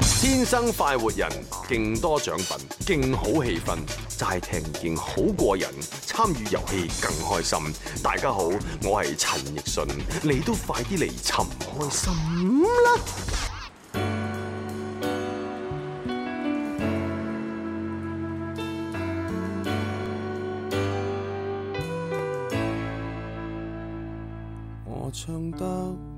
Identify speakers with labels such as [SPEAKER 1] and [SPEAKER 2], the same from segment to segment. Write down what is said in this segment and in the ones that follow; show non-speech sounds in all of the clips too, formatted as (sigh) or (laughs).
[SPEAKER 1] 天生快活人，勁多獎品，勁好氣氛，齋聽見好過癮，參與遊戲更開心。大家好，我係陳奕迅，你都快啲嚟尋開
[SPEAKER 2] 心啦！我唱得。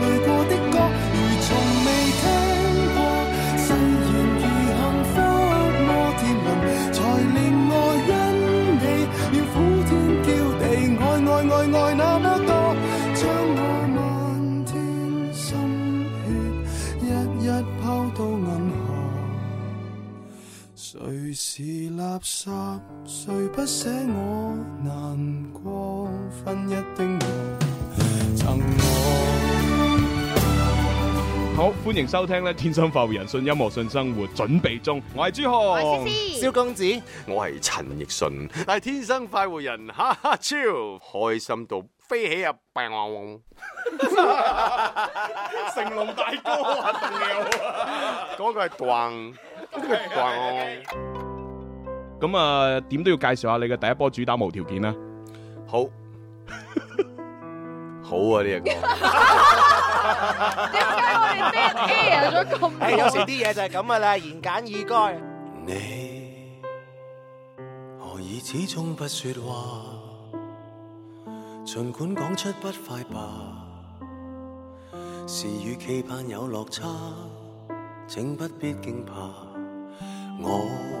[SPEAKER 2] 如是垃圾，誰不寫我難過？分一丁爐
[SPEAKER 3] 贈我。好歡迎收聽咧！天生快活人，迅音樂，迅生活，準備中。我係朱浩，我係蕭公子，我係陳奕迅。但係天生快活人，哈哈超開心到飛起啊！成龍大哥啊，嗰個係滾，呢個滾。咁啊，點都要介紹下你嘅第一波主打無條件啊。好， (laughs) 好啊呢、這個，點 (laughs) 解 (laughs) 我哋編 A 啊咗咁？有時啲嘢就係咁噶啦，言簡意賅。你
[SPEAKER 2] 何以始終不說話？盡管講出不快吧，事與期盼有落差，請不必驚怕我。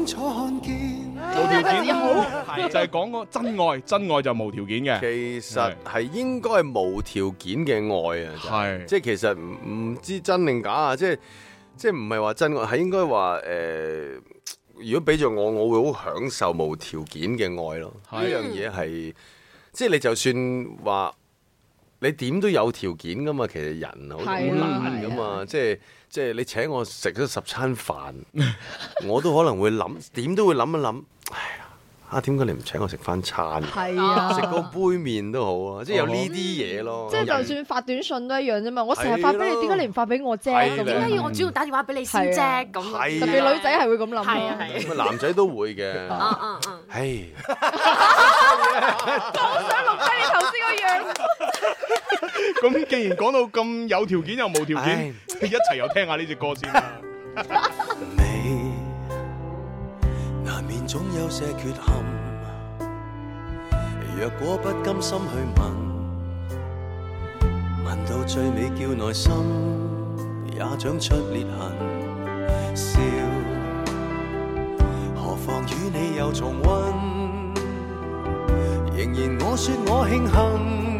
[SPEAKER 3] 冇條 (music) 件係 (laughs) 就係講個真愛， (laughs) 真愛
[SPEAKER 1] 就無條件嘅。其實係應該係無條件嘅愛啊，係即係其實唔唔知真定假啊，即係即係唔係話真愛，係應該話，誒，如果俾著我，我會好享受無條件嘅愛咯。呢樣嘢係即係你就算話。你點都有條件噶嘛？其實人好難噶嘛，係啊係啊、即係即係你請我食咗十餐飯， (laughs) 我都可能會諗，點都會諗一諗，哎呀，啊點解你唔請我食翻餐？係啊，食個杯麪都好啊、哦，即係有呢啲嘢咯。嗯、即係就算發短信都一樣啫嘛，我成日發，俾你，點解、啊、你唔發俾我啫？點解、啊啊、要我主要打電話俾你先啫、啊，咁、啊、特別女仔係會咁諗。係啊係。咁、啊啊、男仔都會嘅。啊、
[SPEAKER 3] uh, 好、uh, uh. (laughs) (laughs) (laughs) (laughs) 想錄低你頭先個樣。咁 (laughs) 既然講到咁有條件又冇條件， (laughs) 一齊又聽下呢隻歌先啦。 (laughs) 美，難免總有些缺陷。若
[SPEAKER 2] 果不甘心去問，問到最尾叫內心也長出裂痕。笑，何妨與你又重溫，仍然我說我慶幸，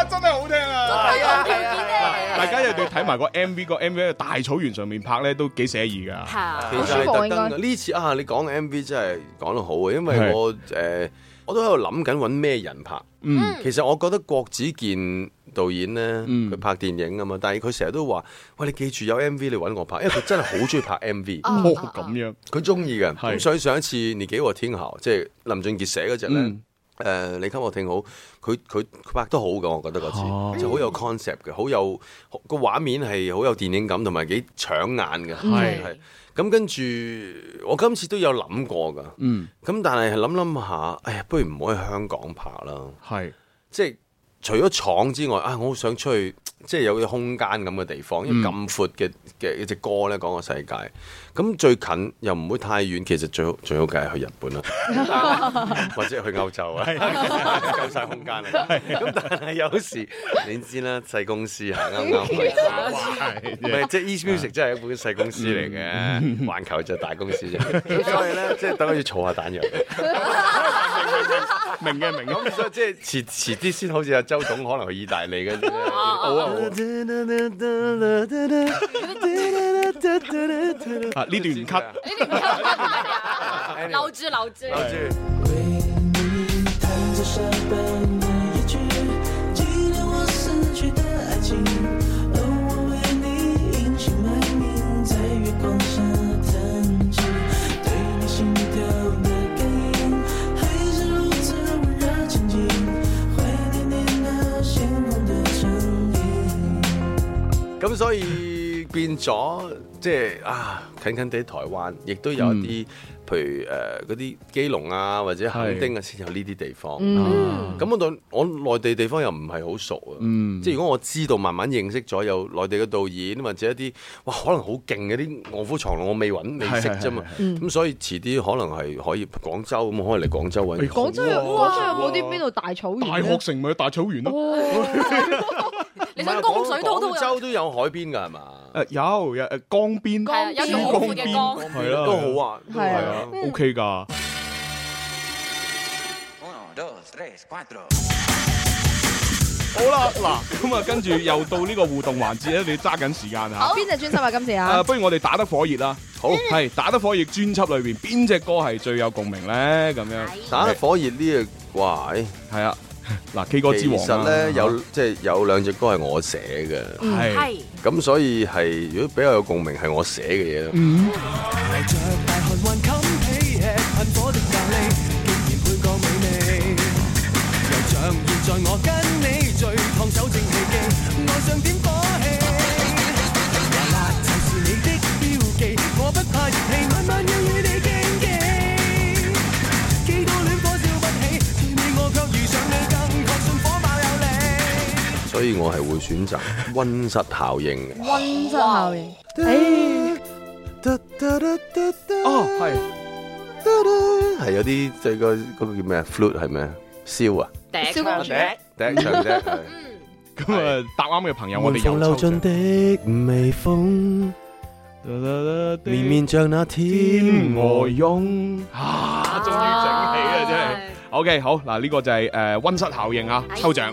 [SPEAKER 3] 啊、真係好聽啊！係啊，係啲咩？大家又要睇埋個 M V，個 M V 喺大草原上面拍咧，都幾寫意噶，啊，其實特登，好舒服應該。呢次啊，你講 M V 真係講得好啊，因為我誒、呃、
[SPEAKER 1] 我都喺度諗緊揾咩人拍。嗯，其實我覺得郭子健導演咧，佢拍電影啊嘛，但係佢成日都話，喂，你記住有 M V 你揾我拍，因為佢真係好中意拍 M V、 (laughs) 哦。咁樣，佢中意嘅，咁所以上一次你幾個天后，即係林俊傑寫嗰隻咧。嗯誒、呃，你給我聽好，佢佢拍得好噶，我覺得嗰次，啊、就好有 concept 嘅、嗯，好有個畫面係好有電影感，同埋幾搶眼嘅，係係。咁跟住，我今次都有諗過噶，嗯。咁但係諗諗下，哎呀，不如唔好喺香港拍啦，係。即、就、係、是、除咗廠之外，啊，我好想出去。即係有啲空間咁嘅地方，因咁闊嘅嘅一隻歌咧講個世界，咁最近又唔會太遠，其實最好最好梗係去日本啦， (laughs) 或者去歐洲啊， (laughs) (laughs) 夠晒空間嚟。咁 (laughs) 但係有時你知啦，細公司啊，啱啱去，唔係即係 East Music 真係一本細公司嚟嘅， (laughs) 環球就大公司啫， (laughs) 所以咧即係等我要坐下彈藥。 (laughs) (laughs) 明嘅明咁，所以即係遲遲啲先，好似阿周總可能去意大利嗰
[SPEAKER 2] 陣，好啊好啊。啊，呢段唔 cut。留住
[SPEAKER 3] 留住。
[SPEAKER 1] 咁、嗯、所以變咗，即係啊，近近地台灣，亦都有啲、嗯，譬如嗰啲、呃、基隆啊，或者墾丁啊，先有呢啲地方。咁、嗯、我、啊、我內地地方又唔係好熟啊、嗯。即如果我知道，慢慢認識咗有內地嘅導演，或者一啲哇，可能好勁嗰啲臥虎藏龍，我未揾未識啫嘛。咁、嗯、所以遲啲可能係可以廣州咁，可以嚟廣州揾、欸。廣州有冇啲邊
[SPEAKER 3] 度大草原大學城咪大草原咯。哦 (laughs) 江水滔滔，廣州都有海邊噶係嘛？誒、uh, 有，誒江邊，邊江邊係啦，啊、很也都好玩，係啊，OK 噶。好啦，嗱，
[SPEAKER 2] 咁
[SPEAKER 3] 啊，啊嗯 okay、Uno, two, three, Hola, (laughs) 跟住又到呢個互動環節咧，你揸緊時間吓。 (laughs) 好，邊隻專輯啊？今次啊？ (laughs) 不如我哋打得火熱啦。好，係打得火熱專輯裏邊邊隻歌係最有共鳴咧？咁樣，打得火熱呢個 (laughs) (noise) 火熱呢個怪係 (noise) 啊。嗱，K 歌之王其實，咧有
[SPEAKER 1] 即係有兩隻歌係我寫嘅，係咁，所以係如果比較有共鳴係我寫嘅嘢咯。Mm -hmm. 係會選擇溫室效應。
[SPEAKER 2] 溫室效應。誒，哦係，
[SPEAKER 1] 係有啲即係個嗰個叫咩啊？Flute 係咩啊？
[SPEAKER 3] 燒啊？第一場啫，第一場啫。咁啊，答啱嘅朋友我哋有抽
[SPEAKER 2] 獎。從流盡的微風，綿綿像
[SPEAKER 3] 那天鵝湧。啊，終於整起啦，真係。O K，好嗱，呢個就係誒溫室效應啊，抽獎。